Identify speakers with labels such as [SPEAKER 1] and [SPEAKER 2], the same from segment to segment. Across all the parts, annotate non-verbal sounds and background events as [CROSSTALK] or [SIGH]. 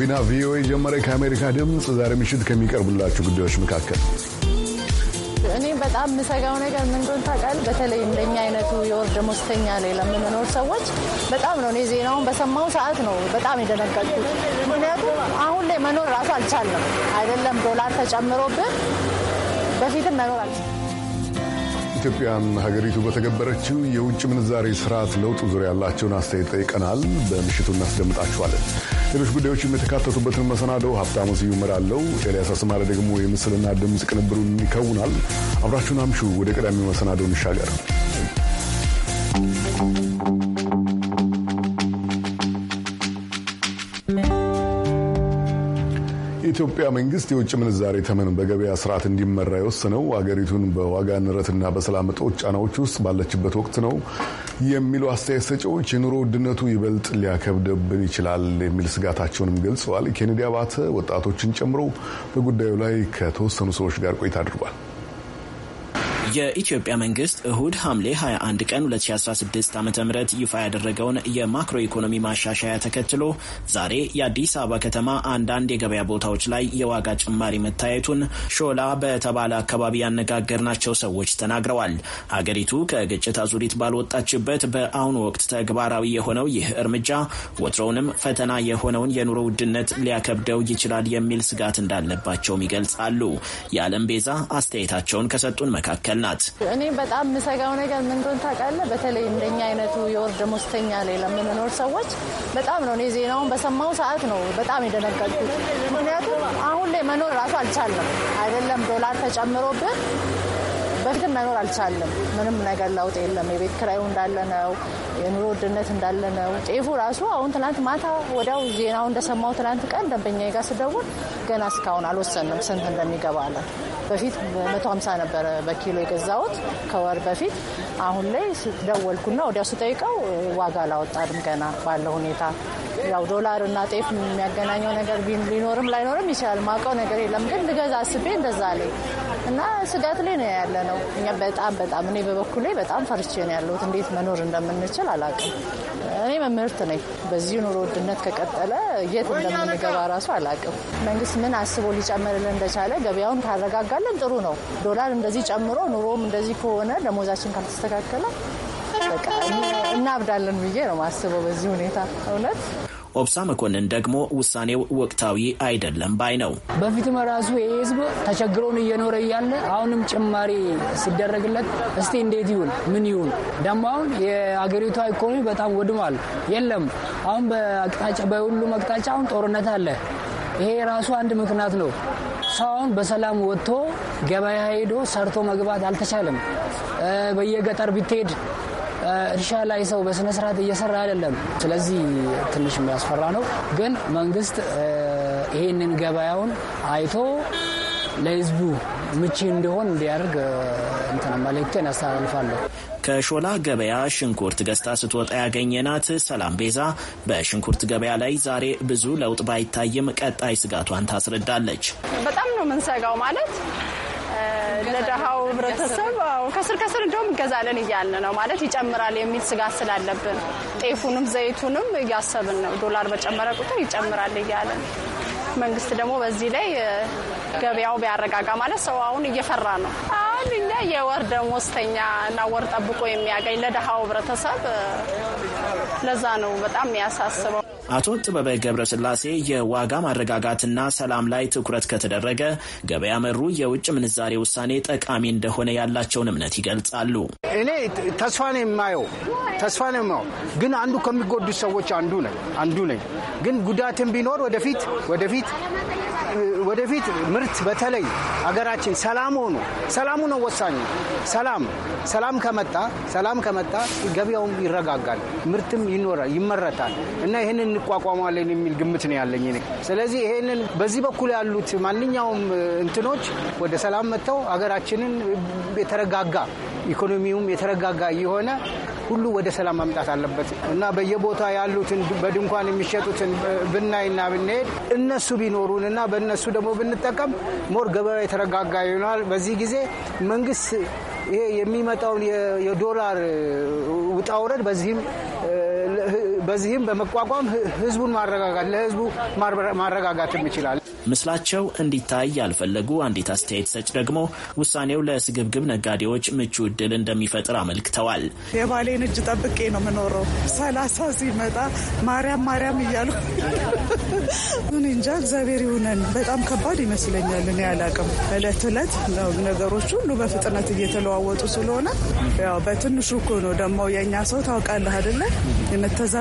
[SPEAKER 1] ጋቢና ቪኦኤ ጀመረ። ከአሜሪካ ድምፅ ዛሬ ምሽት ከሚቀርቡላችሁ ጉዳዮች መካከል
[SPEAKER 2] እኔ በጣም የምሰጋው ነገር ምን እንደሆነ ታውቃለህ? በተለይ እንደኛ አይነቱ የወር ደመወዝተኛ ላይ ለምንኖር ሰዎች በጣም ነው። እኔ ዜናውን በሰማው ሰዓት ነው በጣም የደነገጥኩት። ምክንያቱም አሁን ላይ መኖር ራሱ አልቻለም። አይደለም ዶላር ተጨምሮብን በፊትም መኖር አልቻለም።
[SPEAKER 1] ኢትዮጵያን ሀገሪቱ በተገበረችው የውጭ ምንዛሬ ስርዓት ለውጥ ዙሪያ ያላቸውን አስተያየት ጠይቀናል። በምሽቱ እናስደምጣችኋለን። ሌሎች ጉዳዮችም የተካተቱበትን መሰናደው ሀብታሙ ስዩም እመራለሁ። ኤልያስ አስማረ ደግሞ የምስልና ድምፅ ቅንብሩን ይከውናል። አብራችሁን አምሹ። ወደ ቀዳሚው መሰናደው እንሻገር። የኢትዮጵያ መንግስት የውጭ ምንዛሬ ተመን በገበያ ስርዓት እንዲመራ የወሰነው አገሪቱን በዋጋ ንረትና በሰላም እጦት ጫናዎች ውስጥ ባለችበት ወቅት ነው የሚሉ አስተያየት ሰጪዎች የኑሮ ውድነቱ ይበልጥ ሊያከብደብን ይችላል የሚል ስጋታቸውንም ገልጸዋል። ኬኔዲ አባተ ወጣቶችን ጨምሮ በጉዳዩ ላይ ከተወሰኑ ሰዎች ጋር ቆይታ አድርጓል።
[SPEAKER 3] የኢትዮጵያ መንግስት እሁድ ሐምሌ 21 ቀን 2016 ዓ ም ይፋ ያደረገውን የማክሮ ኢኮኖሚ ማሻሻያ ተከትሎ ዛሬ የአዲስ አበባ ከተማ አንዳንድ የገበያ ቦታዎች ላይ የዋጋ ጭማሪ መታየቱን ሾላ በተባለ አካባቢ ያነጋገርናቸው ሰዎች ተናግረዋል። ሀገሪቱ ከግጭት አዙሪት ባልወጣችበት በአሁኑ ወቅት ተግባራዊ የሆነው ይህ እርምጃ ወትሮውንም ፈተና የሆነውን የኑሮ ውድነት ሊያከብደው ይችላል የሚል ስጋት እንዳለባቸውም ይገልጻሉ። የዓለም ቤዛ አስተያየታቸውን ከሰጡን መካከል ናት።
[SPEAKER 2] እኔ በጣም የምሰጋው ነገር ምን እንደሆነ ታውቃለህ? በተለይ እንደኛ አይነቱ የወር ደመወዝተኛ ላይ ለምንኖር ሰዎች በጣም ነው። እኔ ዜናውን በሰማው ሰዓት ነው በጣም የደነገጥኩት። ምክንያቱም አሁን ላይ መኖር ራሱ አልቻለም አይደለም ዶላር ተጨምሮብን ግን መኖር አልቻለም። ምንም ነገር ለውጥ የለም። የቤት ክራዩ እንዳለ ነው። የኑሮ ውድነት እንዳለ ነው። ጤፉ ራሱ አሁን ትናንት ማታ ወዲያው ዜናው እንደሰማው ትናንት ቀን ደንበኛ ጋር ስደውል ገና እስካሁን አልወሰንም ስንት እንደሚገባ አለ። በፊት መቶ ሀምሳ ነበረ በኪሎ የገዛሁት ከወር በፊት። አሁን ላይ ደወልኩና ወዲያው ስጠይቀው ዋጋ አላወጣንም ገና ባለው ሁኔታ ያው ዶላር እና ጤፍ የሚያገናኘው ነገር ቢኖርም ላይኖርም ይችላል። ማውቀው ነገር የለም ግን ልገዛ አስቤ እንደዛ ላይ እና ስጋት ላይ ነው ያለ ነው። እኛ በጣም በጣም እኔ በበኩሌ በጣም ፈርቼ ነው ያለሁት። እንዴት መኖር እንደምንችል አላውቅም። እኔ መምህርት ነኝ። በዚህ ኑሮ ውድነት ከቀጠለ የት እንደምንገባ ራሱ አላውቅም። መንግስት ምን አስቦ ሊጨምርልን እንደቻለ ገበያውን ካረጋጋለን ጥሩ ነው። ዶላር እንደዚህ ጨምሮ ኑሮም እንደዚህ ከሆነ ደሞዛችን ካልተስተካከለ እናብዳለን ብዬ ነው ማስበው በዚህ ሁኔታ እውነት
[SPEAKER 3] ኦብሳ መኮንን ደግሞ ውሳኔው ወቅታዊ አይደለም ባይ ነው።
[SPEAKER 2] በፊትም ራሱ ይሄ ህዝብ ተቸግሮን እየኖረ እያለ አሁንም ጭማሪ ሲደረግለት እስቲ እንዴት ይሁን ምን ይሁን? ደግሞ አሁን የአገሪቷ ኢኮኖሚ በጣም ወድሟል። የለም አሁን በአቅጣጫ በሁሉም አቅጣጫ አሁን ጦርነት አለ። ይሄ ራሱ አንድ ምክንያት ነው። ሰውን በሰላም ወጥቶ ገበያ ሄዶ ሰርቶ መግባት አልተቻለም። በየገጠር ብትሄድ እርሻ ላይ ሰው በስነ ስርዓት እየሰራ አይደለም። ስለዚህ ትንሽ የሚያስፈራ ነው። ግን መንግስት ይህንን ገበያውን አይቶ ለህዝቡ ምቺ እንዲሆን እንዲያደርግ እንትን መልእክቴን አስተላልፋለሁ።
[SPEAKER 3] ከሾላ ገበያ ሽንኩርት ገዝታ ስትወጣ ያገኘናት ሰላም ቤዛ በሽንኩርት ገበያ ላይ ዛሬ ብዙ ለውጥ ባይታይም ቀጣይ ስጋቷን ታስረዳለች።
[SPEAKER 2] በጣም ነው የምንሰጋው ማለት ለደሃው ህብረተሰብ ከስር ከስር እንደውም እንገዛለን እያልን ነው ማለት ይጨምራል የሚል ስጋት ስላለብን ጤፉንም ዘይቱንም እያሰብን ነው። ዶላር በጨመረ ቁጥር ይጨምራል እያልን መንግስት ደግሞ በዚህ ላይ ገበያው ቢያረጋጋ ማለት ሰው አሁን እየፈራ ነው። አሁን እኛ የወር ደሞዝተኛ እና ወር ጠብቆ የሚያገኝ ለደሃው ህብረተሰብ ለዛ ነው በጣም የሚያሳስበው።
[SPEAKER 3] አቶ ጥበበ ገብረስላሴ የዋጋ ማረጋጋትና ሰላም ላይ ትኩረት ከተደረገ ገበያ መሩ የውጭ ምንዛሬ ውሳኔ ጠቃሚ እንደሆነ ያላቸውን እምነት ይገልጻሉ።
[SPEAKER 4] እኔ ተስፋ ነው የማየው ተስፋ ነው የማየው ግን አንዱ ከሚጎዱ ሰዎች አንዱ ነኝ አንዱ ነኝ ግን ጉዳትም ቢኖር ወደፊት ወደፊት ወደፊት ምርት በተለይ አገራችን ሰላም ሆኖ ሰላሙ ነው ወሳኙ። ሰላም ሰላም ከመጣ ሰላም ከመጣ ገበያውም ይረጋጋል፣ ምርትም ይኖራል፣ ይመረታል እና ይህንን እንቋቋመዋለን የሚል ግምት ነው ያለኝ። ስለዚህ ይሄንን በዚህ በኩል ያሉት ማንኛውም እንትኖች ወደ ሰላም መጥተው ሀገራችንን የተረጋጋ ኢኮኖሚውም የተረጋጋ የሆነ ሁሉ ወደ ሰላም መምጣት አለበት እና በየቦታ ያሉትን በድንኳን የሚሸጡትን ብናይና ብንሄድ እነሱ ቢኖሩን እና በእነሱ ደግሞ ብንጠቀም ሞር ገበያ የተረጋጋ ይሆናል። በዚህ ጊዜ መንግስት ይሄ የሚመጣውን የዶላር ውጣውረድ በዚህም በዚህም በመቋቋም ህዝቡን ማረጋጋት ለህዝቡ ማረጋጋትም ይችላል።
[SPEAKER 3] ምስላቸው እንዲታይ ያልፈለጉ አንዲት አስተያየት ሰጭ ደግሞ ውሳኔው ለስግብግብ ነጋዴዎች ምቹ እድል እንደሚፈጥር አመልክተዋል።
[SPEAKER 5] የባሌን እጅ ጠብቄ ነው የምኖረው። ሰላሳ ሲመጣ ማርያም ማርያም እያሉ ምን [LAUGHS] እንጃ እግዚአብሔር ይሁነን። በጣም ከባድ ይመስለኛል። እኔ አላቅም። እለት እለት ነገሮች ሁሉ በፍጥነት እየተለዋወጡ ስለሆነ ያው በትንሹ እኮ ነው ደግሞ የእኛ ሰው ታውቃለህ አይደለ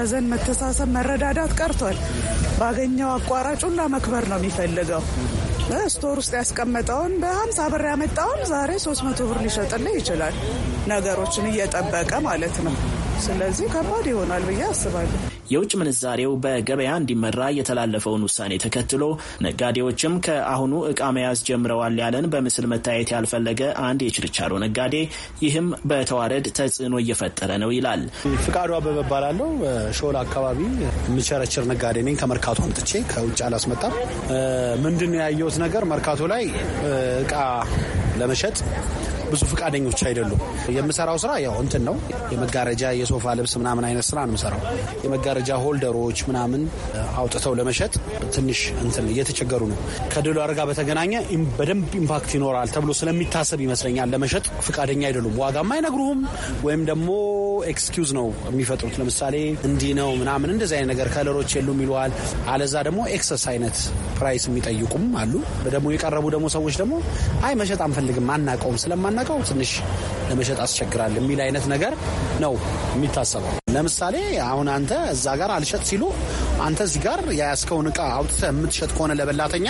[SPEAKER 5] ዘን መተሳሰብ፣ መረዳዳት ቀርቷል። ባገኘው አቋራጭ ሁላ መክበር ነው የሚፈልገው። ስቶር ውስጥ ያስቀመጠውን በሀምሳ ብር ያመጣውን ዛሬ ሶስት መቶ ብር ሊሸጥልህ ይችላል። ነገሮችን እየጠበቀ ማለት ነው። ስለዚህ ከባድ ይሆናል ብዬ አስባለሁ።
[SPEAKER 3] የውጭ ምንዛሬው በገበያ እንዲመራ የተላለፈውን ውሳኔ ተከትሎ ነጋዴዎችም ከአሁኑ እቃ መያዝ ጀምረዋል ያለን በምስል መታየት ያልፈለገ አንድ የችርቻሮ ነጋዴ ይህም በተዋረድ ተጽዕኖ
[SPEAKER 6] እየፈጠረ ነው ይላል። ፍቃዱ አበበ እባላለሁ። ሾላ አካባቢ የምቸረችር ነጋዴ ነኝ። ከመርካቶ አምጥቼ ከውጭ አላስመጣም። ምንድን ነው ያየሁት ነገር መርካቶ ላይ እቃ ለመሸጥ ብዙ ፈቃደኞች አይደሉም። የምሰራው ስራ ያው እንትን ነው የመጋረጃ የሶፋ ልብስ ምናምን አይነት ስራ ነው የምሰራው። የመጋረጃ ሆልደሮች ምናምን አውጥተው ለመሸጥ ትንሽ እንትን እየተቸገሩ ነው። ከዶላር ጋር በተገናኘ በደንብ ኢምፓክት ይኖራል ተብሎ ስለሚታሰብ ይመስለኛል ለመሸጥ ፈቃደኛ አይደሉም። ዋጋም አይነግሩህም ወይም ደግሞ ኤክስኪውዝ ነው የሚፈጥሩት። ለምሳሌ እንዲህ ነው ምናምን እንደዚህ አይነት ነገር ከለሮች የሉም ይለዋል። አለዛ ደግሞ ኤክሰስ አይነት ፕራይስ የሚጠይቁም አሉ። ደግሞ የቀረቡ ደግሞ ሰዎች ደግሞ አይ መሸጥ አንፈልግም አናቀውም ስለማና ስለምናስጨነቀው ትንሽ ለመሸጥ አስቸግራል የሚል አይነት ነገር ነው የሚታሰበው። ለምሳሌ አሁን አንተ እዛ ጋር አልሸጥ ሲሉ አንተ እዚህ ጋር የያዝከውን እቃ አውጥተህ የምትሸጥ ከሆነ ለበላተኛ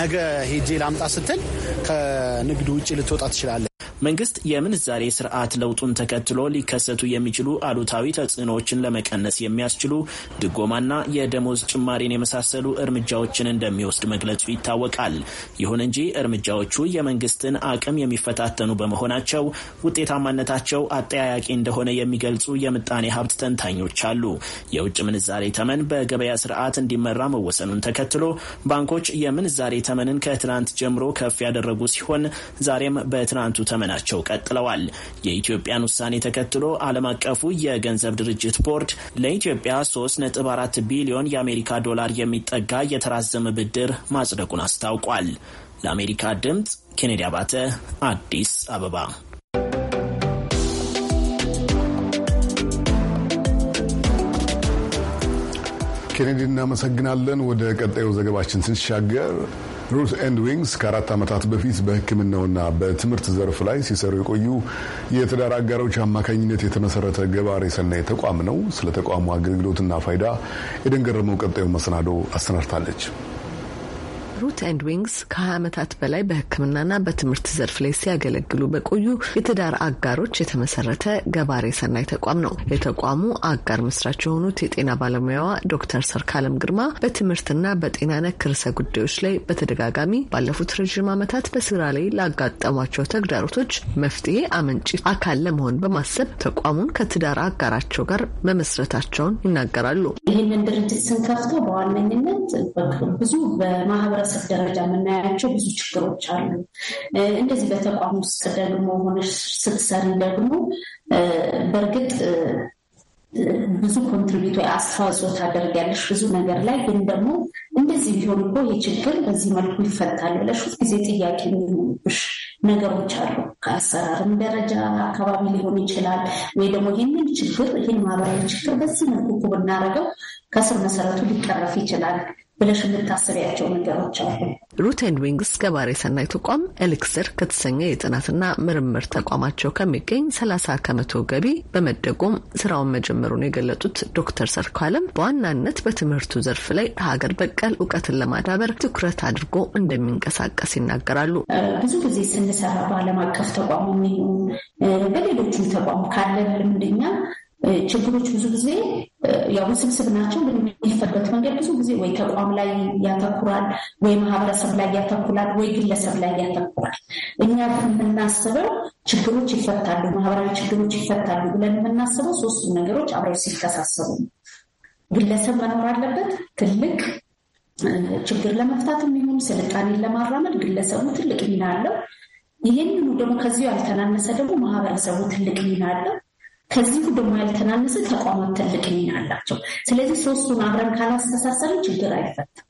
[SPEAKER 6] ነገ ሄጄ ላምጣ ስትል ከንግድ ውጭ ልትወጣ ትችላለህ። መንግስት የምንዛሬ ስርዓት ለውጡን ተከትሎ
[SPEAKER 3] ሊከሰቱ የሚችሉ አሉታዊ ተጽዕኖዎችን ለመቀነስ የሚያስችሉ ድጎማና የደሞዝ ጭማሪን የመሳሰሉ እርምጃዎችን እንደሚወስድ መግለጹ ይታወቃል። ይሁን እንጂ እርምጃዎቹ የመንግስትን አቅም የሚፈታተኑ በመሆናቸው ውጤታማነታቸው አጠያያቂ እንደሆነ የሚገልጹ የምጣኔ ሀብት ተንታኞች አሉ። የውጭ ምንዛሬ ተመን በገበያ ስርዓት እንዲመራ መወሰኑን ተከትሎ ባንኮች የምንዛሬ ተመንን ከትናንት ጀምሮ ከፍ ያደረጉ ሲሆን ዛሬም በትናንቱ ተመን ማሳመናቸው ቀጥለዋል። የኢትዮጵያን ውሳኔ ተከትሎ ዓለም አቀፉ የገንዘብ ድርጅት ቦርድ ለኢትዮጵያ 3.4 ቢሊዮን የአሜሪካ ዶላር የሚጠጋ የተራዘመ ብድር ማጽደቁን አስታውቋል። ለአሜሪካ ድምፅ ኬኔዲ አባተ አዲስ አበባ።
[SPEAKER 1] ኬኔዲ እናመሰግናለን። ወደ ቀጣዩ ዘገባችን ስንሻገር ሩት ኤንድ ዊንግስ ከአራት ዓመታት በፊት በሕክምናውና በትምህርት ዘርፍ ላይ ሲሰሩ የቆዩ የትዳር አጋሮች አማካኝነት የተመሰረተ ገባሬ ሰናይ ተቋም ነው። ስለ ተቋሙ አገልግሎትና ፋይዳ የደንገረመው ቀጣዩ መሰናዶ አሰናድታለች።
[SPEAKER 7] ሩት ኤንድ ዊንግስ ከ20 ዓመታት በላይ በሕክምናና በትምህርት ዘርፍ ላይ ሲያገለግሉ በቆዩ የትዳር አጋሮች የተመሰረተ ገባሬ ሰናይ ተቋም ነው። የተቋሙ አጋር መስራች የሆኑት የጤና ባለሙያዋ ዶክተር ሰርካለም ግርማ በትምህርትና በጤና ነክ ርዕሰ ጉዳዮች ላይ በተደጋጋሚ ባለፉት ረዥም ዓመታት በስራ ላይ ላጋጠሟቸው ተግዳሮቶች መፍትሄ አመንጭ አካል ለመሆን በማሰብ ተቋሙን ከትዳር አጋራቸው ጋር መመስረታቸውን ይናገራሉ። ይህንን ድርጅት
[SPEAKER 5] ስንከፍተው በዋነኝነት ብዙ በማህበረ በህብረተሰብ ደረጃ የምናያቸው ብዙ ችግሮች አሉ። እንደዚህ በተቋም ውስጥ ደግሞ ሆነሽ ስትሰሪ ደግሞ በእርግጥ ብዙ ኮንትሪቢቱ አስተዋጽኦ ታደርጊያለሽ ብዙ ነገር ላይ ግን ደግሞ እንደዚህ ቢሆን እኮ ይህ ችግር በዚህ መልኩ ይፈታል ብለሽ ጊዜ ጥያቄ የሚሆኑብሽ ነገሮች አሉ። ከአሰራርም ደረጃ አካባቢ ሊሆን ይችላል ወይ ደግሞ ይህንን ችግር ይህን ማህበራዊ ችግር በዚህ መልኩ ብናደርገው ከስር መሰረቱ ሊቀረፍ ይችላል ብለሽ የምታስቢያቸው ነገሮች አሉ።
[SPEAKER 7] ሩት ዊንግስ ገባሬ ሰናይ ተቋም ኤሊክስር ከተሰኘ የጥናትና ምርምር ተቋማቸው ከሚገኝ 30 ከመቶ ገቢ በመደጎም ስራውን መጀመሩን የገለጡት ዶክተር ሰርካለም በዋናነት በትምህርቱ ዘርፍ ላይ ሀገር በቀል እውቀትን ለማዳበር ትኩረት አድርጎ እንደሚንቀሳቀስ ይናገራሉ።
[SPEAKER 5] ብዙ ጊዜ ስንሰራ በዓለም አቀፍ ተቋሙ በሌሎችም ተቋም ካለን ልምደኛ ችግሮች ብዙ ጊዜ ያው ውስብስብ ናቸው፣ ግን የሚፈቱበት መንገድ ብዙ ጊዜ ወይ ተቋም ላይ ያተኩራል፣ ወይ ማህበረሰብ ላይ ያተኩራል፣ ወይ ግለሰብ ላይ ያተኩራል። እኛ የምናስበው ችግሮች ይፈታሉ፣ ማህበራዊ ችግሮች ይፈታሉ ብለን የምናስበው ሶስቱ ነገሮች አብረው ሲከሳሰቡ ነው። ግለሰብ መኖር አለበት። ትልቅ ችግር ለመፍታት የሚሆን ስልጣኔን ለማራመድ ግለሰቡ ትልቅ ሚና አለው። ይህንኑ ደግሞ ከዚሁ ያልተናነሰ ደግሞ ማህበረሰቡ ትልቅ ሚና አለው። ከዚህ ደግሞ ያልተናነሰ ተቋማት ትልቅ ሚና አላቸው። ስለዚህ ሶስቱን አብረን ካላስተሳሰርን ችግር አይፈታም።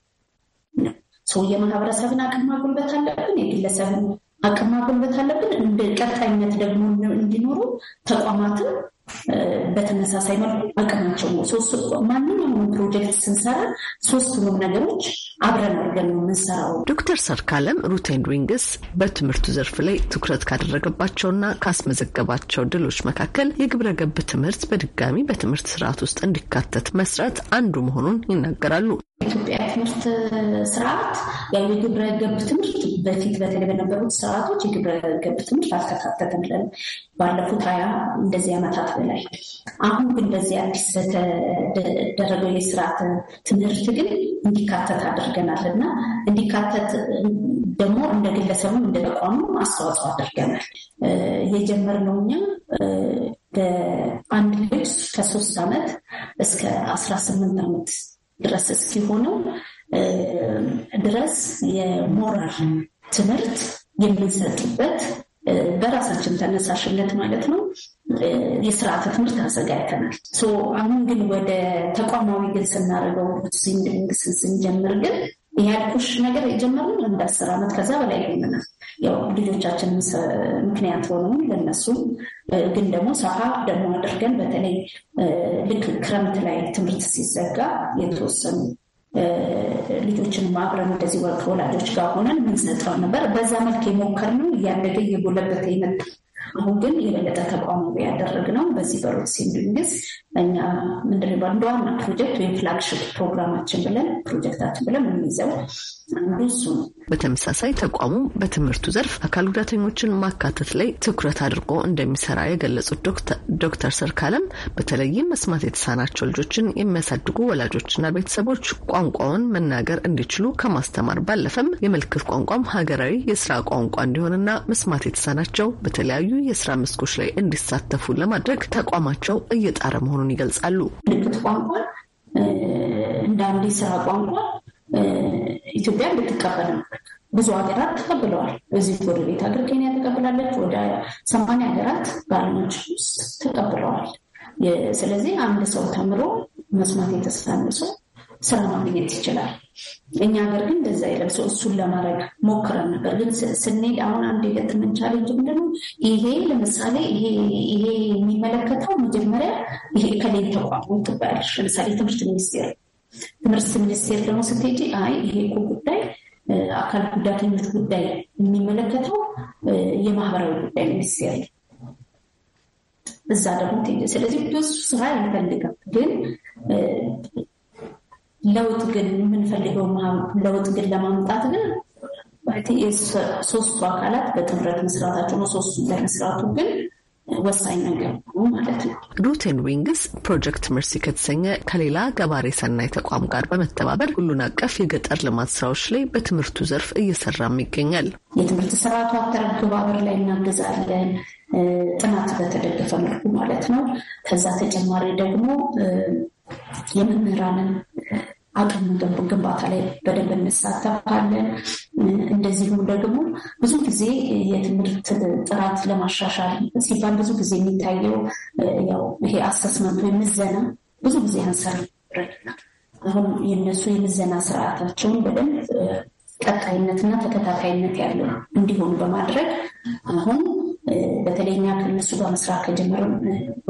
[SPEAKER 5] ሰው የማህበረሰብን አቅም ማጎልበት አለብን፣ የግለሰብን አቅም ማጎልበት አለብን። እንደ ቀጣይነት ደግሞ እንዲኖሩ ተቋማትን በተመሳሳይ መልኩ አቅማቸው ነው። ማንኛውም ፕሮጀክት ስንሰራ ሶስቱንም ነገሮች
[SPEAKER 7] አብረን አድርገን ነው የምንሰራው። ዶክተር ሰርካለም ሩቴን ሪንግስ በትምህርቱ ዘርፍ ላይ ትኩረት ካደረገባቸውና ካስመዘገባቸው ድሎች መካከል የግብረ ገብ ትምህርት በድጋሚ በትምህርት ስርዓት ውስጥ እንዲካተት መስራት አንዱ መሆኑን ይናገራሉ።
[SPEAKER 5] ኢትዮጵያ ትምህርት ስርዓት ያው የግብረ ገብ ትምህርት በፊት በተለይ በነበሩት ስርዓቶች የግብረ ገብ ትምህርት አልተካተተም። ባለፉት ሀያ እንደዚህ ዓመታት በላይ አሁን ግን በዚህ አዲስ በተደረገው የስርዓት ትምህርት ግን እንዲካተት አድርገናል እና እንዲካተት ደግሞ እንደ ግለሰቡ እንደ ተቋሙ አስተዋጽኦ አድርገናል። የጀመርነው እኛ በአንድ ልጅ ከሶስት ዓመት እስከ አስራ ስምንት ዓመት ድረስ እስኪሆነው ድረስ የሞራል ትምህርት የምንሰጥበት በራሳችን ተነሳሽነት ማለት ነው የስርዓተ ትምህርት አዘጋጅተናል። አሁን ግን ወደ ተቋማዊ ግን ስናደርገው ንግስን ስንጀምር ግን ያልኩሽ ነገር የጀመርን እንደ አስር ዓመት ከዛ በላይ ይሆንናል። ያው ልጆቻችን ምክንያት ሆነው ለነሱም ግን ደግሞ ሰፋ ደግሞ አድርገን በተለይ ልክ ክረምት ላይ ትምህርት ሲዘጋ የተወሰኑ ልጆችን አብረን እንደዚህ ወላጆች ጋር ሆነን የምንሰጠው ነበር። በዛ መልክ የሞከርነው እያደገ እየጎለበተ የመጣ አሁን ግን የበለጠ ተቋማዊ ያደረግነው በዚህ በሮት ሴንዱንግስ እኛ ምንድን ነው ዋና ፕሮጀክት ወይም ፍላግሽፕ ፕሮግራማችን ብለን ፕሮጀክታችን ብለን የሚይዘው አንዱ እሱ ነው።
[SPEAKER 7] በተመሳሳይ ተቋሙ በትምህርቱ ዘርፍ አካል ጉዳተኞችን ማካተት ላይ ትኩረት አድርጎ እንደሚሰራ የገለጹት ዶክተር ሰርካለም በተለይም መስማት የተሳናቸው ልጆችን የሚያሳድጉ ወላጆችና ቤተሰቦች ቋንቋውን መናገር እንዲችሉ ከማስተማር ባለፈም የምልክት ቋንቋም ሀገራዊ የስራ ቋንቋ እንዲሆንና መስማት የተሳናቸው በተለያዩ የስራ መስኮች ላይ እንዲሳተፉ ለማድረግ ተቋማቸው እየጣረ መሆኑን መሆኑን ይገልጻሉ። ምልክት ቋንቋ
[SPEAKER 5] እንደ አንድ ስራ ቋንቋ ኢትዮጵያ እንድትቀበል ብዙ ሀገራት ተቀብለዋል። በዚህ ወደ ቤት ሀገር ኬንያ ተቀብላለች። ወደ ሰማንያ ሀገራት በአለማች ውስጥ ተቀብለዋል። ስለዚህ አንድ ሰው ተምሮ መስማት የተሳነው ሰው ስራ ማግኘት ይችላል። እኛ ሀገር ግን እንደዛ የለም። ሰው እሱን ለማድረግ ሞክረን ነበር፣ ግን ስንሄድ አሁን አንድ የገጠመን ቻሌንጅ ምንድን ነው? ይሄ ለምሳሌ ይሄ የሚመለከተው መጀመሪያ ይሄ ከሌን ተቋሙ ትባያለሽ። ለምሳሌ ትምህርት ሚኒስቴር ትምህርት ሚኒስቴር ደግሞ ስትሄጂ አይ ይሄ እኮ ጉዳይ አካል ጉዳተኞች ጉዳይ የሚመለከተው የማህበራዊ ጉዳይ ሚኒስቴር እዛ ደግሞ ስለዚህ ብዙ ስራ አይፈልግም ግን ለውጥ ግን የምንፈልገው ለውጥ ግን ለማምጣት ግን ሶስቱ አካላት በጥምረት መስራታቸው ነው። ሶስቱ ለመስራቱ ግን ወሳኝ ነገር ማለት ነው።
[SPEAKER 7] ሩትን ዊንግስ ፕሮጀክት መርሲ ከተሰኘ ከሌላ ገባሬ ሰናይ ተቋም ጋር በመተባበር ሁሉን አቀፍ የገጠር ልማት ስራዎች ላይ በትምህርቱ ዘርፍ እየሰራም ይገኛል። የትምህርት
[SPEAKER 5] ስርዓቱ አተገባበር ላይ እናገዛለን፣ ጥናት በተደገፈ መልኩ ማለት ነው። ከዛ ተጨማሪ ደግሞ የመምህራንን አቅም ግንባታ ላይ በደንብ እንሳተፋለን። እንደዚሁም ደግሞ ብዙ ጊዜ የትምህርት ጥራት ለማሻሻል ሲባል ብዙ ጊዜ የሚታየው ያው ይሄ አሰስመንቱ የምዘና ብዙ ጊዜ አንሰር አሁን የነሱ የምዘና ስርዓታቸውን በደንብ ቀጣይነትና ተከታታይነት ያለው እንዲሆኑ በማድረግ አሁን በተለይ እኛ ከነሱ ጋር መስራት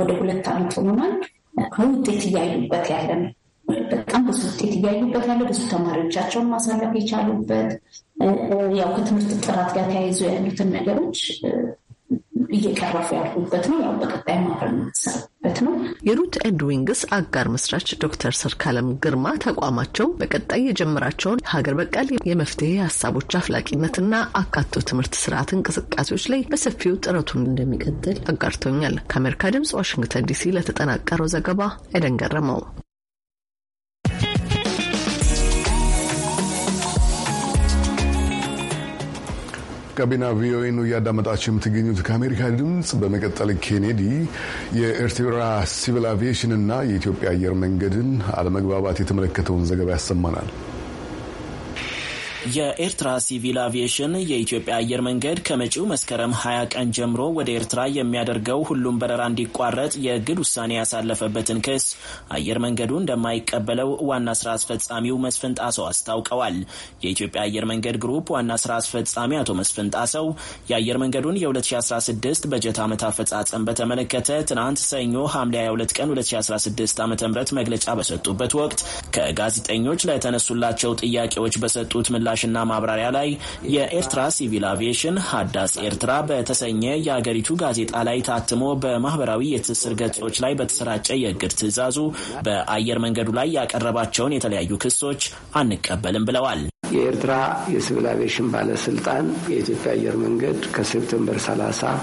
[SPEAKER 5] ወደ ሁለት ዓመት ሆኖናል። አሁን ውጤት እያዩበት ያለ ነው። በጣም ብዙ ውጤት እያዩበት ያለ ብዙ ተማሪዎቻቸውን ማሳለፍ የቻሉበት ያው ከትምህርት ጥራት ጋር ተያይዞ ያሉትን ነገሮች እየቀረፉ ያሉበት ነው። ያው በቀጣይ ማረ ነው።
[SPEAKER 7] የሩት ኤንድ ዊንግስ አጋር መስራች ዶክተር ሰርካለም ግርማ ተቋማቸው በቀጣይ የጀመራቸውን ሀገር በቀል የመፍትሄ ሀሳቦች አፍላቂነትና አካቶ ትምህርት ስርዓት እንቅስቃሴዎች ላይ በሰፊው ጥረቱን እንደሚቀጥል አጋርቶኛል። ከአሜሪካ ድምጽ ዋሽንግተን ዲሲ ለተጠናቀረው ዘገባ አይደን ገረመው።
[SPEAKER 1] ጋቢና ቪኦኤ ነው እያዳመጣችሁ የምትገኙት ከአሜሪካ ድምፅ። በመቀጠል ኬኔዲ የኤርትራ ሲቪል አቪዬሽንና የኢትዮጵያ አየር መንገድን አለመግባባት የተመለከተውን ዘገባ ያሰማናል።
[SPEAKER 3] የኤርትራ ሲቪል አቪዬሽን የኢትዮጵያ አየር መንገድ ከመጪው መስከረም ሀያ ቀን ጀምሮ ወደ ኤርትራ የሚያደርገው ሁሉም በረራ እንዲቋረጥ የእግድ ውሳኔ ያሳለፈበትን ክስ አየር መንገዱ እንደማይቀበለው ዋና ስራ አስፈጻሚው መስፍን ጣሰው አስታውቀዋል። የኢትዮጵያ አየር መንገድ ግሩፕ ዋና ስራ አስፈጻሚ አቶ መስፍን ጣሰው የአየር መንገዱን የ2016 በጀት ዓመት አፈጻጸም በተመለከተ ትናንት ሰኞ ሐምሌ 22 ቀን 2016 ዓ ም መግለጫ በሰጡበት ወቅት ከጋዜጠኞች ለተነሱላቸው ጥያቄዎች በሰጡት ምላሽ ምላሽና ማብራሪያ ላይ የኤርትራ ሲቪል አቪዬሽን ሀዳስ ኤርትራ በተሰኘ የአገሪቱ ጋዜጣ ላይ ታትሞ በማህበራዊ የትስስር ገጾች ላይ በተሰራጨ የእግድ ትዕዛዙ በአየር መንገዱ ላይ ያቀረባቸውን የተለያዩ ክሶች አንቀበልም ብለዋል።
[SPEAKER 8] የኤርትራ የሲቪል አቪዬሽን ባለስልጣን የኢትዮጵያ አየር መንገድ ከሴፕቴምበር 30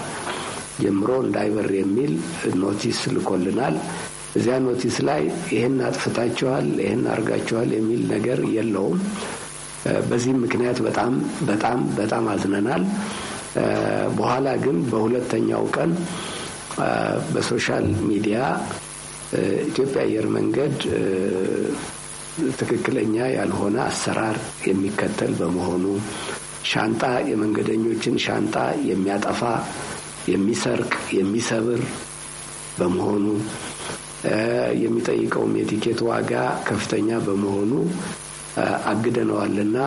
[SPEAKER 8] ጀምሮ እንዳይበር የሚል ኖቲስ ልኮልናል። እዚያ ኖቲስ ላይ ይህን አጥፍታችኋል፣ ይህን አድርጋችኋል የሚል ነገር የለውም። በዚህም ምክንያት በጣም በጣም በጣም አዝነናል። በኋላ ግን በሁለተኛው ቀን በሶሻል ሚዲያ ኢትዮጵያ አየር መንገድ ትክክለኛ ያልሆነ አሰራር የሚከተል በመሆኑ ሻንጣ የመንገደኞችን ሻንጣ የሚያጠፋ፣ የሚሰርቅ፣ የሚሰብር በመሆኑ የሚጠይቀውም የቲኬት ዋጋ ከፍተኛ በመሆኑ አግደነዋልና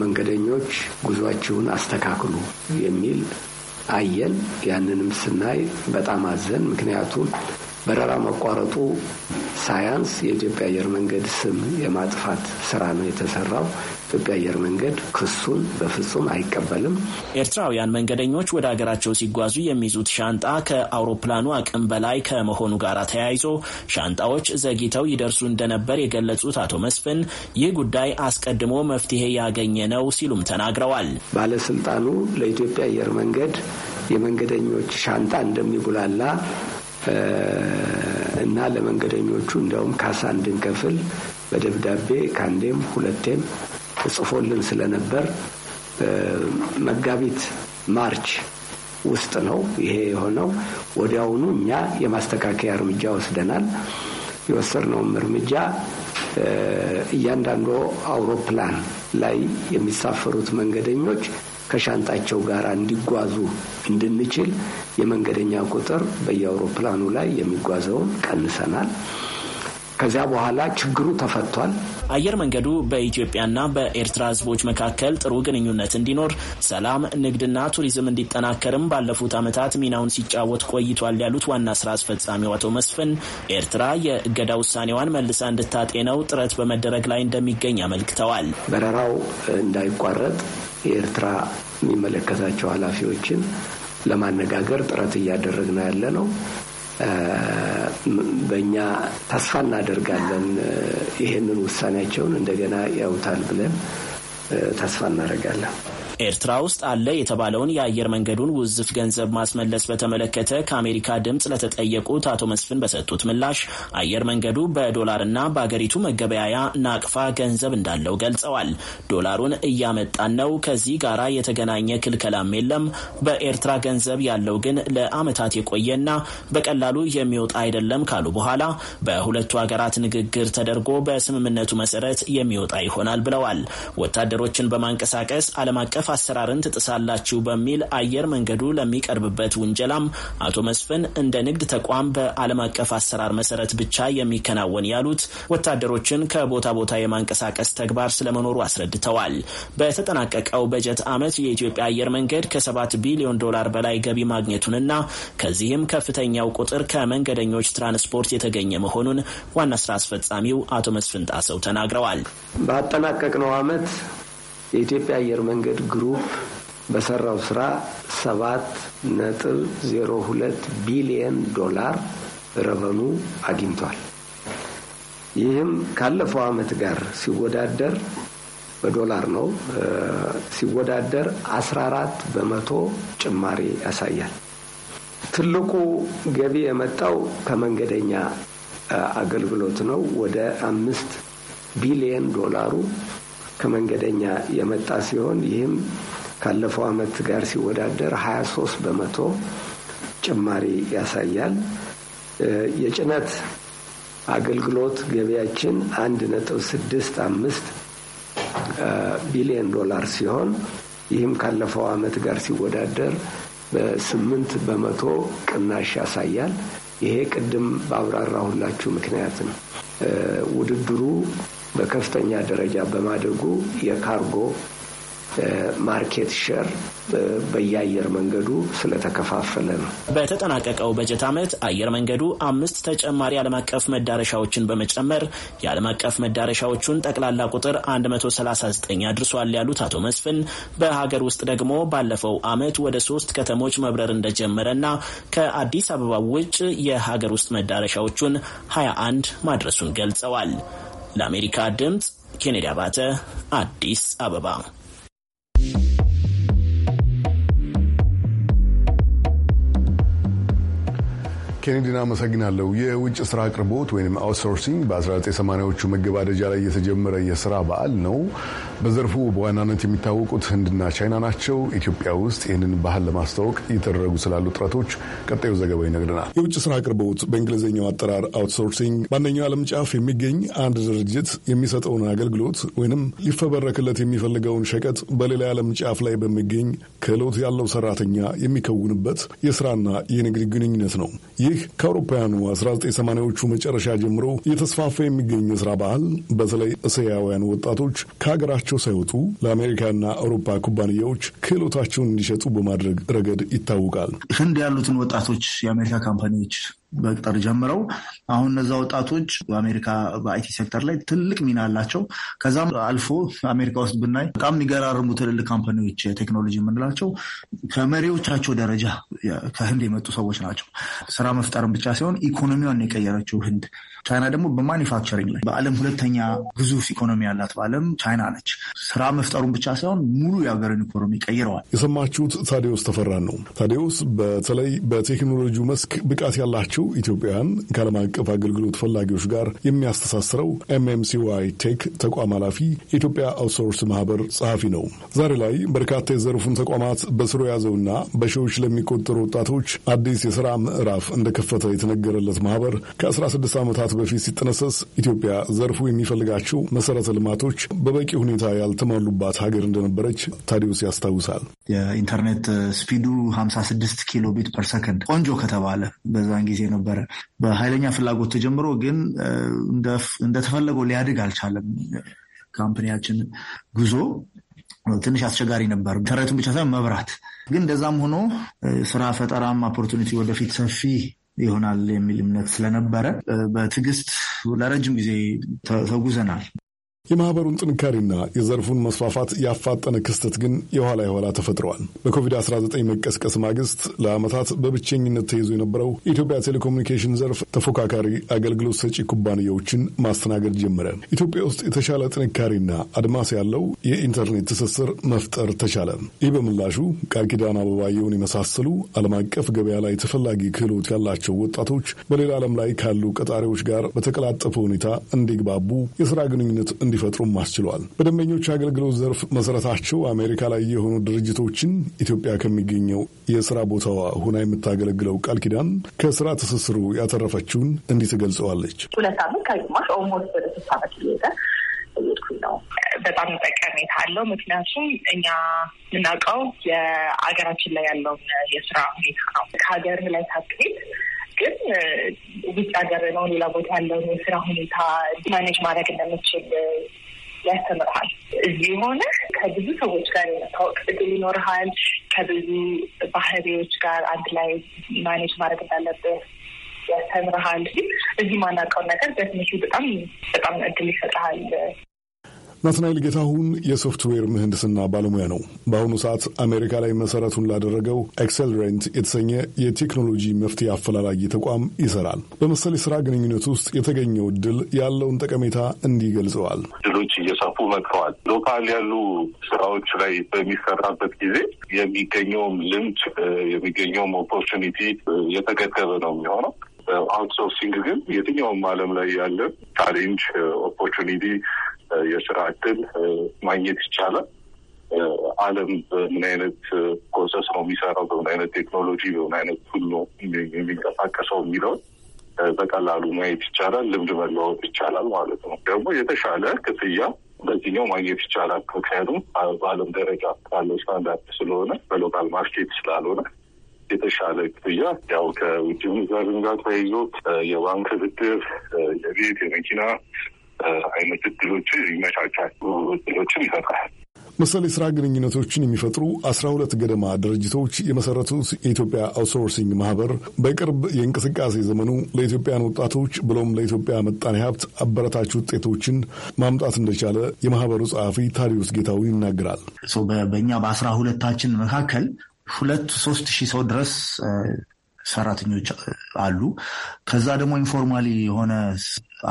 [SPEAKER 8] መንገደኞች ጉዟችሁን አስተካክሉ የሚል አየን። ያንንም ስናይ በጣም አዘን። ምክንያቱም በረራ መቋረጡ ሳያንስ የኢትዮጵያ አየር መንገድ ስም የማጥፋት ስራ ነው የተሰራው። ኢትዮጵያ አየር መንገድ ክሱን በፍጹም አይቀበልም።
[SPEAKER 3] ኤርትራውያን መንገደኞች ወደ ሀገራቸው ሲጓዙ የሚይዙት ሻንጣ ከአውሮፕላኑ አቅም በላይ ከመሆኑ ጋር ተያይዞ ሻንጣዎች ዘግይተው ይደርሱ እንደነበር የገለጹት አቶ መስፍን ይህ ጉዳይ አስቀድሞ መፍትሄ ያገኘ ነው ሲሉም ተናግረዋል። ባለስልጣኑ
[SPEAKER 8] ለኢትዮጵያ አየር መንገድ የመንገደኞች ሻንጣ እንደሚጉላላ እና ለመንገደኞቹ እንዲያውም ካሳ እንድንከፍል በደብዳቤ ከአንዴም ሁለቴም ጽፎልን ስለነበር መጋቢት ማርች ውስጥ ነው ይሄ የሆነው። ወዲያውኑ እኛ የማስተካከያ እርምጃ ወስደናል። የወሰድነውም እርምጃ እያንዳንዱ አውሮፕላን ላይ የሚሳፈሩት መንገደኞች ከሻንጣቸው ጋር እንዲጓዙ እንድንችል የመንገደኛ ቁጥር በየአውሮፕላኑ ላይ የሚጓዘውን ቀንሰናል። ከዚያ በኋላ ችግሩ ተፈቷል። አየር
[SPEAKER 3] መንገዱ በኢትዮጵያና በኤርትራ ህዝቦች መካከል ጥሩ ግንኙነት እንዲኖር፣ ሰላም፣ ንግድና ቱሪዝም እንዲጠናከርም ባለፉት ዓመታት ሚናውን ሲጫወት ቆይቷል ያሉት ዋና ስራ አስፈጻሚው አቶ መስፍን ኤርትራ የእገዳ ውሳኔዋን መልሳ እንድታጤነው ጥረት በመደረግ ላይ
[SPEAKER 8] እንደሚገኝ አመልክተዋል። በረራው እንዳይቋረጥ የኤርትራ የሚመለከታቸው ኃላፊዎችን ለማነጋገር ጥረት ነው ያለ ነው። በእኛ ተስፋ እናደርጋለን። ይህንን ውሳኔያቸውን እንደገና ያውታል ብለን ተስፋ እናደርጋለን።
[SPEAKER 3] ኤርትራ ውስጥ አለ የተባለውን የአየር መንገዱን ውዝፍ ገንዘብ ማስመለስ በተመለከተ ከአሜሪካ ድምፅ ለተጠየቁት አቶ መስፍን በሰጡት ምላሽ አየር መንገዱ በዶላርና በአገሪቱ መገበያያ ናቅፋ ገንዘብ እንዳለው ገልጸዋል። ዶላሩን እያመጣን ነው፣ ከዚህ ጋር የተገናኘ ክልከላም የለም። በኤርትራ ገንዘብ ያለው ግን ለአመታት የቆየና በቀላሉ የሚወጣ አይደለም ካሉ በኋላ በሁለቱ ሀገራት ንግግር ተደርጎ በስምምነቱ መሰረት የሚወጣ ይሆናል ብለዋል። ወታደሮችን በማንቀሳቀስ ዓለም አቀፍ አቀፍ አሰራርን ትጥሳላችሁ በሚል አየር መንገዱ ለሚቀርብበት ውንጀላም አቶ መስፍን እንደ ንግድ ተቋም በዓለም አቀፍ አሰራር መሰረት ብቻ የሚከናወን ያሉት ወታደሮችን ከቦታ ቦታ የማንቀሳቀስ ተግባር ስለመኖሩ አስረድተዋል። በተጠናቀቀው በጀት ዓመት የኢትዮጵያ አየር መንገድ ከሰባት ቢሊዮን ዶላር በላይ ገቢ ማግኘቱንና ከዚህም ከፍተኛው ቁጥር ከመንገደኞች ትራንስፖርት የተገኘ መሆኑን ዋና ስራ አስፈጻሚው አቶ መስፍን ጣሰው ተናግረዋል።
[SPEAKER 8] ባጠናቀቅነው ዓመት የኢትዮጵያ አየር መንገድ ግሩፕ በሰራው ስራ ሰባት ነጥብ ዜሮ ሁለት ቢሊየን ዶላር ረቨኑ አግኝቷል። ይህም ካለፈው ዓመት ጋር ሲወዳደር በዶላር ነው ሲወዳደር 14 በመቶ ጭማሪ ያሳያል። ትልቁ ገቢ የመጣው ከመንገደኛ አገልግሎት ነው። ወደ አምስት ቢሊየን ዶላሩ ከመንገደኛ የመጣ ሲሆን ይህም ካለፈው ዓመት ጋር ሲወዳደር 23 በመቶ ጭማሪ ያሳያል። የጭነት አገልግሎት ገቢያችን 1.65 ቢሊዮን ዶላር ሲሆን ይህም ካለፈው ዓመት ጋር ሲወዳደር በስምንት በመቶ ቅናሽ ያሳያል። ይሄ ቅድም ባብራራሁላችሁ ምክንያት ነው። ውድድሩ በከፍተኛ ደረጃ በማደጉ የካርጎ ማርኬት ሸር በየአየር መንገዱ ስለተከፋፈለ ነው።
[SPEAKER 3] በተጠናቀቀው በጀት ዓመት አየር መንገዱ አምስት ተጨማሪ ዓለም አቀፍ መዳረሻዎችን በመጨመር የዓለም አቀፍ መዳረሻዎቹን ጠቅላላ ቁጥር 139 አድርሷል ያሉት አቶ መስፍን በሀገር ውስጥ ደግሞ ባለፈው ዓመት ወደ ሶስት ከተሞች መብረር እንደጀመረና ከአዲስ አበባ ውጭ የሀገር ውስጥ መዳረሻዎቹን 21 ማድረሱን ገልጸዋል። ለአሜሪካ ድምፅ ኬኔዲ አባተ አዲስ አበባ።
[SPEAKER 1] ኬኔዲን አመሰግናለሁ። የውጭ ስራ አቅርቦት ወይም አውትሶርሲንግ በ1980ዎቹ መገባደጃ ላይ የተጀመረ የስራ በዓል ነው። በዘርፉ በዋናነት የሚታወቁት ህንድና ቻይና ናቸው። ኢትዮጵያ ውስጥ ይህንን ባህል ለማስተዋወቅ እየተደረጉ ስላሉ ጥረቶች ቀጣዩ ዘገባ ይነግረናል። የውጭ ስራ አቅርቦት በእንግሊዝኛው አጠራር አውትሶርሲንግ በአንደኛው ዓለም ጫፍ የሚገኝ አንድ ድርጅት የሚሰጠውን አገልግሎት ወይንም ሊፈበረክለት የሚፈልገውን ሸቀጥ በሌላ ዓለም ጫፍ ላይ በሚገኝ ክህሎት ያለው ሰራተኛ የሚከውንበት የስራና የንግድ ግንኙነት ነው። ይህ ከአውሮፓውያኑ 1980ዎቹ መጨረሻ ጀምሮ እየተስፋፋ የሚገኝ የስራ ባህል በተለይ እስያውያን ወጣቶች ከሀገራቸው ከሀገራቸው ሳይወጡ ለአሜሪካና አውሮፓ ኩባንያዎች ክህሎታቸውን እንዲሸጡ በማድረግ ረገድ ይታወቃል። ህንድ ያሉትን ወጣቶች የአሜሪካ ካምፓኒዎች በቅጠር
[SPEAKER 4] ጀምረው አሁን እነዛ ወጣቶች በአሜሪካ በአይቲ ሴክተር ላይ ትልቅ ሚና አላቸው። ከዛም አልፎ አሜሪካ ውስጥ ብናይ በጣም የሚገራርሙ ትልልቅ ካምፓኒዎች ቴክኖሎጂ የምንላቸው ከመሪዎቻቸው ደረጃ ከህንድ የመጡ ሰዎች ናቸው። ስራ መፍጠርን ብቻ ሳይሆን ኢኮኖሚዋን የቀየረችው ህንድ። ቻይና ደግሞ በማኒፋክቸሪንግ ላይ በዓለም ሁለተኛ ግዙፍ ኢኮኖሚ ያላት በዓለም ቻይና ነች። ስራ መፍጠሩን ብቻ ሳይሆን ሙሉ የሀገርን ኢኮኖሚ ቀይረዋል።
[SPEAKER 1] የሰማችሁት ታዲዮስ ተፈራን ነው። ታዲዮስ በተለይ በቴክኖሎጂ መስክ ብቃት ያላቸው ኢትዮጵያውያን ከዓለም አቀፍ አገልግሎት ፈላጊዎች ጋር የሚያስተሳስረው ኤምኤምሲዋይ ቴክ ተቋም ኃላፊ፣ የኢትዮጵያ አውትሶርስ ማህበር ጸሐፊ ነው። ዛሬ ላይ በርካታ የዘርፉን ተቋማት በስሩ የያዘውና በሺዎች ለሚቆጠሩ ወጣቶች አዲስ የሥራ ምዕራፍ እንደከፈተ የተነገረለት ማህበር ከ16 ዓመታት በፊት ሲጠነሰስ ኢትዮጵያ ዘርፉ የሚፈልጋቸው መሰረተ ልማቶች በበቂ ሁኔታ ያልተሟሉባት ሀገር እንደነበረች ታዲዮስ ያስታውሳል። የኢንተርኔት
[SPEAKER 4] ስፒዱ 56 ኪሎ ቢት ፐር ሰከንድ ቆንጆ ከተባለ በዛን ጊዜ ነበረ። በኃይለኛ ፍላጎት ተጀምሮ ግን እንደተፈለገው ሊያድግ አልቻለም። ካምፕኒያችን ጉዞ ትንሽ አስቸጋሪ ነበር። ተረትን ብቻ ሳይሆን መብራት ግን እንደዛም ሆኖ ስራ ፈጠራም ኦፖርቱኒቲ ወደፊት ሰፊ ይሆናል የሚል እምነት
[SPEAKER 1] ስለነበረ በትዕግስት ለረጅም ጊዜ ተጉዘናል። የማህበሩን ጥንካሬና የዘርፉን መስፋፋት ያፋጠነ ክስተት ግን የኋላ የኋላ ተፈጥረዋል። በኮቪድ-19 መቀስቀስ ማግስት ለዓመታት በብቸኝነት ተይዞ የነበረው የኢትዮጵያ ቴሌኮሙኒኬሽን ዘርፍ ተፎካካሪ አገልግሎት ሰጪ ኩባንያዎችን ማስተናገድ ጀመረ። ኢትዮጵያ ውስጥ የተሻለ ጥንካሬና አድማስ ያለው የኢንተርኔት ትስስር መፍጠር ተቻለ። ይህ በምላሹ ቃል ኪዳን አበባየውን የመሳሰሉ ዓለም አቀፍ ገበያ ላይ ተፈላጊ ክህሎት ያላቸው ወጣቶች በሌላ ዓለም ላይ ካሉ ቀጣሪዎች ጋር በተቀላጠፈ ሁኔታ እንዲግባቡ የስራ ግንኙነት እንዲ እንዲፈጥሩም አስችሏል። በደንበኞች አገልግሎት ዘርፍ መሰረታቸው አሜሪካ ላይ የሆኑ ድርጅቶችን ኢትዮጵያ ከሚገኘው የስራ ቦታዋ ሁና የምታገለግለው ቃል ኪዳን ከስራ ትስስሩ ያተረፈችውን እንዲህ ትገልጸዋለች።
[SPEAKER 3] ሁለት ዓመት ከግማሽ ኦልሞስት
[SPEAKER 2] ነው። በጣም ጠቀሜታ አለው። ምክንያቱም እኛ የምናውቀው የአገራችን ላይ ያለውን የስራ ሁኔታ ነው። ከሀገር ላይ ሳትሄድ ግን ውጭ ሀገር ነው ሌላ ቦታ ያለውን የስራ ሁኔታ ማኔጅ ማድረግ እንደምችል ያስተምርሃል። እዚህ ሆነ ከብዙ ሰዎች ጋር የመታወቅ እድል ይኖርሃል። ከብዙ ባህሪዎች ጋር አንድ ላይ ማኔጅ ማድረግ እንዳለብህ ያስተምርሃል።
[SPEAKER 4] እዚህ ማናውቀውን ነገር በትንሹ በጣም በጣም እድል ይሰጥሃል።
[SPEAKER 1] ናትናኤል ጌታሁን የሶፍትዌር ምህንድስና ባለሙያ ነው። በአሁኑ ሰዓት አሜሪካ ላይ መሰረቱን ላደረገው ኤክሰልሬንት የተሰኘ የቴክኖሎጂ መፍትሄ አፈላላጊ ተቋም ይሰራል። በመሰል የስራ ግንኙነት ውስጥ የተገኘው እድል ያለውን ጠቀሜታ እንዲህ ገልጸዋል።
[SPEAKER 9] እድሎች እየሰፉ መጥተዋል። ሎካል ያሉ ስራዎች ላይ በሚሰራበት ጊዜ የሚገኘውም ልምድ የሚገኘውም ኦፖርቹኒቲ የተገደበ ነው የሚሆነው አውትሶርሲንግ ግን የትኛውም ዓለም ላይ ያለ ቻሌንጅ ኦፖርቹኒቲ የስራ እድል ማግኘት ይቻላል። ዓለም በምን አይነት ፕሮሰስ ነው የሚሰራው፣ በምን አይነት ቴክኖሎጂ፣ በምን አይነት ሁሉ የሚንቀሳቀሰው የሚለውን በቀላሉ ማየት ይቻላል። ልምድ መለዋወጥ ይቻላል ማለት ነው። ደግሞ የተሻለ ክፍያ በዚህኛው ማግኘት ይቻላል። ምክንያቱም በዓለም ደረጃ ካለው ስታንዳርድ ስለሆነ በሎካል ማርኬት ስላልሆነ የተሻለ ክፍያ ያው ከውጭ ምንዛሪ ጋር ተያይዞ የባንክ ብድር፣ የቤት፣ የመኪና አይነት እድሎች ይመቻቻል፣ እድሎችም ይፈጥራል።
[SPEAKER 1] መሰል የስራ ግንኙነቶችን የሚፈጥሩ አስራ ሁለት ገደማ ድርጅቶች የመሰረቱት የኢትዮጵያ አውትሶርሲንግ ማህበር በቅርብ የእንቅስቃሴ ዘመኑ ለኢትዮጵያን ወጣቶች ብሎም ለኢትዮጵያ መጣኔ ሀብት አበረታች ውጤቶችን ማምጣት እንደቻለ የማህበሩ ጸሐፊ ታዲዮስ ጌታው ይናገራል። በእኛ በአስራ ሁለታችን መካከል
[SPEAKER 4] ሁለት ሶስት ሺህ ሰው ድረስ ሰራተኞች አሉ። ከዛ ደግሞ ኢንፎርማሊ የሆነ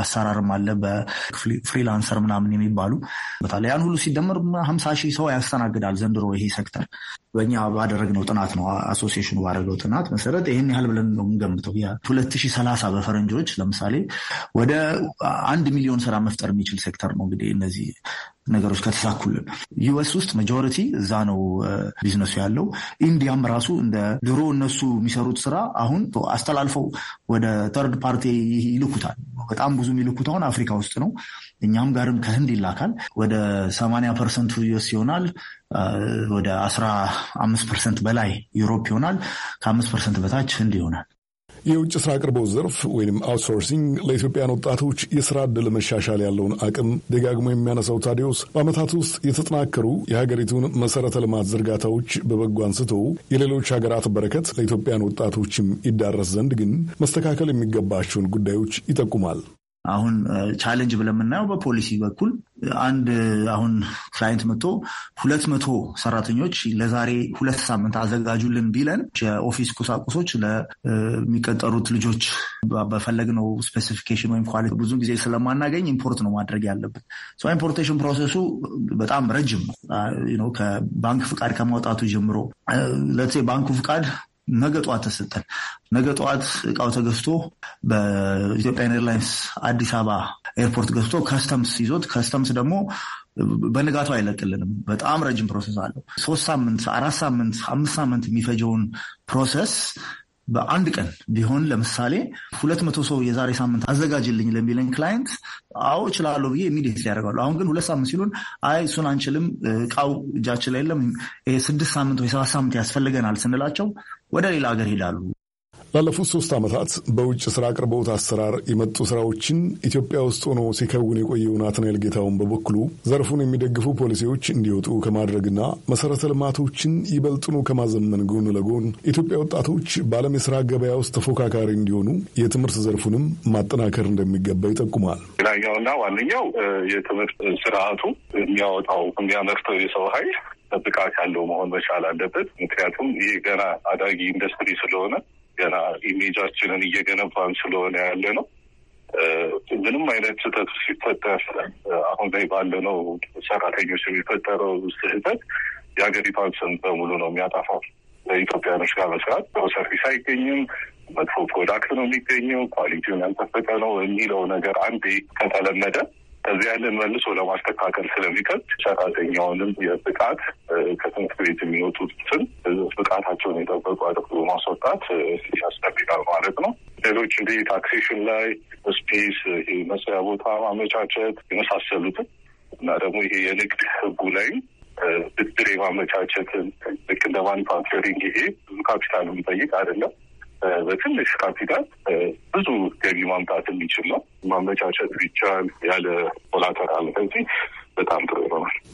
[SPEAKER 4] አሰራርም አለ በፍሪላንሰር ምናምን የሚባሉ በታለ ያን ሁሉ ሲደመር ሀምሳ ሺህ ሰው ያስተናግዳል ዘንድሮ ይሄ ሴክተር። በእኛ ባደረግነው ጥናት ነው አሶሲሽኑ ባደረገው ጥናት መሰረት ይህን ያህል ብለን ነው የምንገምተው። ሁለት ሺህ ሰላሳ በፈረንጆች ለምሳሌ ወደ አንድ ሚሊዮን ስራ መፍጠር የሚችል ሴክተር ነው እንግዲህ እነዚህ ነገሮች ከተሳኩልን ዩኤስ ውስጥ መጆሪቲ እዛ ነው ቢዝነሱ ያለው። ኢንዲያም ራሱ እንደ ድሮ እነሱ የሚሰሩት ስራ አሁን አስተላልፈው ወደ ተርድ ፓርቲ ይልኩታል። በጣም ብዙ የሚልኩት አሁን አፍሪካ ውስጥ ነው። እኛም ጋርም ከህንድ ይላካል። ወደ ሰማንያ ፐርሰንቱ ዩኤስ ይሆናል። ወደ 15 ፐርሰንት በላይ ዩሮፕ ይሆናል። ከአምስት ፐርሰንት በታች ህንድ ይሆናል።
[SPEAKER 1] የውጭ ስራ አቅርቦት ዘርፍ ወይም አውትሶርሲንግ ለኢትዮጵያን ወጣቶች የስራ ዕድል መሻሻል ያለውን አቅም ደጋግሞ የሚያነሳው ታዲዮስ በአመታት ውስጥ የተጠናከሩ የሀገሪቱን መሰረተ ልማት ዝርጋታዎች በበጎ አንስቶ የሌሎች ሀገራት በረከት ለኢትዮጵያን ወጣቶችም ይዳረስ ዘንድ ግን መስተካከል የሚገባቸውን ጉዳዮች ይጠቁማል። አሁን ቻሌንጅ ብለን የምናየው በፖሊሲ በኩል አንድ
[SPEAKER 4] አሁን ክላይንት መጥቶ ሁለት መቶ ሰራተኞች ለዛሬ ሁለት ሳምንት አዘጋጁልን ቢለን የኦፊስ ቁሳቁሶች ለሚቀጠሩት ልጆች በፈለግነው ስፔሲፊኬሽን ወይም ኳሊቲ ብዙ ጊዜ ስለማናገኝ ኢምፖርት ነው ማድረግ ያለብን። ኢምፖርቴሽን ፕሮሰሱ በጣም ረጅም ነው። ከባንክ ፍቃድ ከማውጣቱ ጀምሮ ለ ባንኩ ፍቃድ ነገ ጠዋት ተሰጠን። ነገ ጠዋት እቃው ተገዝቶ በኢትዮጵያ ኤርላይንስ አዲስ አበባ ኤርፖርት ገዝቶ ከስተምስ ይዞት ከስተምስ ደግሞ በንጋቱ አይለቅልንም። በጣም ረጅም ፕሮሰስ አለው። ሶስት ሳምንት፣ አራት ሳምንት፣ አምስት ሳምንት የሚፈጀውን ፕሮሰስ በአንድ ቀን ቢሆን ለምሳሌ ሁለት መቶ ሰው የዛሬ ሳምንት አዘጋጅልኝ ለሚለን ክላይንት አዎ እችላለሁ ብዬ ኢሚዲየትሊ ያደርጋሉ። አሁን ግን ሁለት ሳምንት ሲሉን አይ እሱን አንችልም፣ እቃው እጃችን ላይ የለም፣ ስድስት ሳምንት ወይ ሰባት ሳምንት ያስፈልገናል
[SPEAKER 1] ስንላቸው ወደ ሌላ ሀገር ይሄዳሉ። ላለፉት ሶስት ዓመታት በውጭ ስራ አቅርቦት አሰራር የመጡ ስራዎችን ኢትዮጵያ ውስጥ ሆኖ ሲከውን የቆየው ናትናኤል ጌታውን በበኩሉ ዘርፉን የሚደግፉ ፖሊሲዎች እንዲወጡ ከማድረግና መሰረተ ልማቶችን ይበልጥኑ ከማዘመን ጎን ለጎን ኢትዮጵያ ወጣቶች በዓለም የስራ ገበያ ውስጥ ተፎካካሪ እንዲሆኑ የትምህርት ዘርፉንም ማጠናከር እንደሚገባ ይጠቁማል።
[SPEAKER 9] ሌላኛውና ዋነኛው የትምህርት ስርዓቱ የሚያወጣው የሚያመርተው የሰው ኃይል ብቃት ያለው መሆን መቻል አለበት። ምክንያቱም ይህ ገና አዳጊ ኢንዱስትሪ ስለሆነ ገና ኢሜጃችንን እየገነባን ስለሆነ ያለ ነው። ምንም አይነት ስህተት ሲፈጠር አሁን ላይ ባለነው ሰራተኞች የሚፈጠረው ስህተት የሀገሪቷን ስም በሙሉ ነው የሚያጠፋው። ለኢትዮጵያኖች ጋር መስራት ጥሩ ሰርቪስ አይገኝም፣ መጥፎ ፕሮዳክት ነው የሚገኘው፣ ኳሊቲውን ያልጠበቀ ነው የሚለው ነገር አንዴ ከተለመደ ከዚህ ያለ መልሶ ለማስተካከል ስለሚከብድ ሰራተኛውንም የብቃት ከትምህርት ቤት የሚወጡትን ብቃታቸውን የጠበቁ አድርጎ ማስወጣት ያስጠብቃል ማለት ነው። ሌሎች እንዲህ ታክሴሽን ላይ ስፔስ፣ መስሪያ ቦታ ማመቻቸት የመሳሰሉትን እና ደግሞ ይሄ የንግድ ህጉ ላይ ብድር የማመቻቸትን ልክ እንደ ማኒፋክቸሪንግ ይሄ ብዙ ካፒታል የሚጠይቅ አይደለም። በትንሽ ካፒታል ብዙ ገቢ ማምጣት የሚችል ነው። ማመቻቸት ቢቻል ያለ ኮላተራል ከዚህ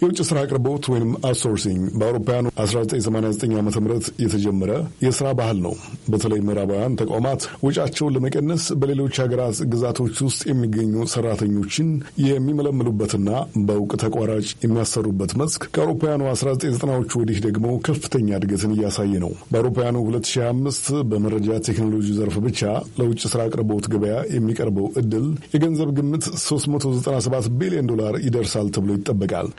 [SPEAKER 1] የውጭ ስራ አቅርቦት ወይም አውትሶርሲንግ በአውሮፓውያኑ 1989 ዓ ም የተጀመረ የስራ ባህል ነው። በተለይ ምዕራባውያን ተቋማት ወጪያቸውን ለመቀነስ በሌሎች ሀገራት ግዛቶች ውስጥ የሚገኙ ሰራተኞችን የሚመለምሉበትና በእውቅ ተቋራጭ የሚያሰሩበት መስክ ከአውሮፓውያኑ 1990ዎቹ ወዲህ ደግሞ ከፍተኛ እድገትን እያሳየ ነው። በአውሮፓውያኑ 2025 በመረጃ ቴክኖሎጂ ዘርፍ ብቻ ለውጭ ስራ አቅርቦት ገበያ የሚቀርበው እድል የገንዘብ ግምት 397 ቢሊዮን ዶላር ይደርሳል ተብሎ ይጠበቃል።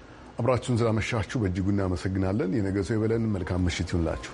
[SPEAKER 1] አብራችሁን ስላመሻችሁ በእጅጉ እናመሰግናለን። የነገ ሰው ይበለን። መልካም ምሽት ይሁንላችሁ።